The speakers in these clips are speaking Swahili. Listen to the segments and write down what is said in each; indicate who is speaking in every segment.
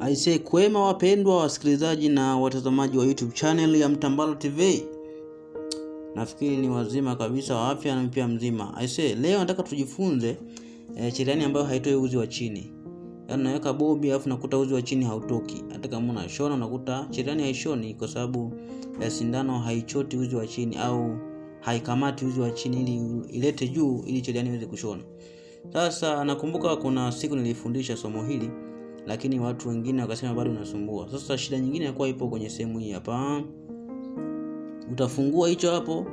Speaker 1: Aise, kwema wapendwa wasikilizaji na watazamaji wa YouTube channel ya Mtambala TV. Nafikiri ni wazima kabisa wa afya na pia mzima. Aise, leo nataka tujifunze eh, cherehani ambayo haitoi uzi wa chini. Yaani unaweka bobi afu nakuta uzi wa chini hautoki. Hata kama unashona unakuta cherehani haishoni kwa sababu e, sindano haichoti uzi wa chini au haikamati uzi wa chini ili ilete juu ili cherehani iweze kushona. Sasa nakumbuka kuna siku nilifundisha somo hili lakini watu wengine wakasema bado unasumbua. Sasa shida nyingine yakuwa ipo kwenye sehemu hii hapa, utafungua hicho hapo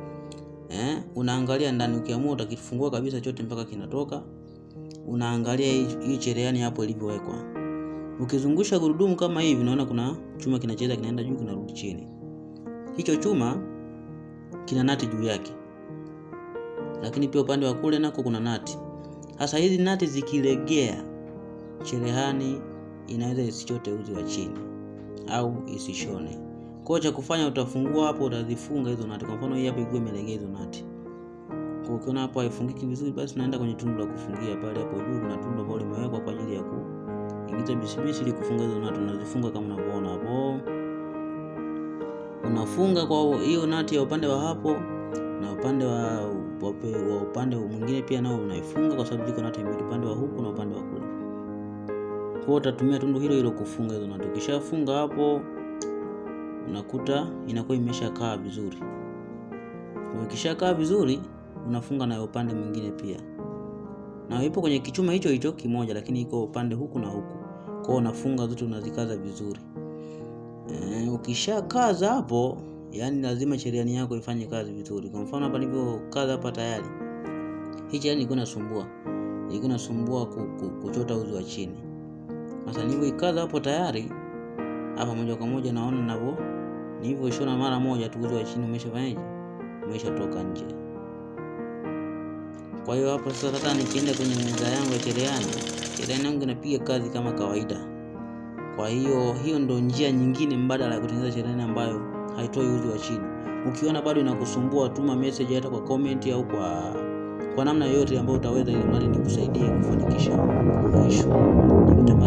Speaker 1: eh, unaangalia ndani, ukiamua utakifungua kabisa chote mpaka kinatoka. Unaangalia hii chereani hapo ilivyowekwa, ukizungusha gurudumu kama hivi, unaona kuna chuma kinacheza, kinaenda juu, kinarudi chini. Hicho chuma kina nati juu yake, lakini pia upande wa kule nako kuna nati. Sasa hizi nati zikilegea cherehani inaweza isichote uzi wa chini au isishone. Kwa cha kufanya utafungua hapo, utazifunga hizo nati. Kwa mfano hii hapo ikuwa imelegea hizo nati, kwa ukiona hapo haifungiki vizuri, basi naenda kwenye tundu la kufungia pale. Hapo juu kuna tundu ambalo limewekwa kwa ajili ya kuingiza bisibisi ili kufunga hizo nati. Unazifunga kama unavyoona hapo, unafunga kwa hiyo nati ya upande wa hapo na upande wa, wa upande mwingine pia nao unaifunga, kwa sababu ziko nati mbili, upande wa huku na upande wa kule. Kwa utatumia tundu hilo hilo kufunga hizo noti. Ukishafunga hapo, unakuta inakuwa imeshakaa vizuri. Ukishakaa vizuri, unafunga nayo upande mwingine pia, na ipo kwenye kichuma hicho hicho kimoja, lakini iko upande huku na huku. Kwa unafunga zote, unazikaza vizuri. E, ukishakaza hapo, yani lazima cheriani yako ifanye kazi vizuri. Kwa mfano hapa kaza hapa tayari, hii cherehani ilikuwa inasumbua, ilikuwa inasumbua kuchota uzi wa chini sasa nilivyoikaza hapo tayari hapa moja kwa moja naona navyo shona mara moja tu uzi wa chini umeshafanyaje, umeshatoka nje. Kwa hiyo hapo sasa, hata nikienda kwenye meza yangu ya cherehani, cherehani yangu inapiga kazi kama kawaida. Kwa hiyo hiyo ndo njia nyingine mbadala ya kutengeneza cherehani ambayo haitoi uzi wa chini. Ukiona bado inakusumbua, tuma message hata kwa comment au kwa kwa namna yoyote ambayo utaweza, ili mradi nikusaidie kufanikisha mwisho.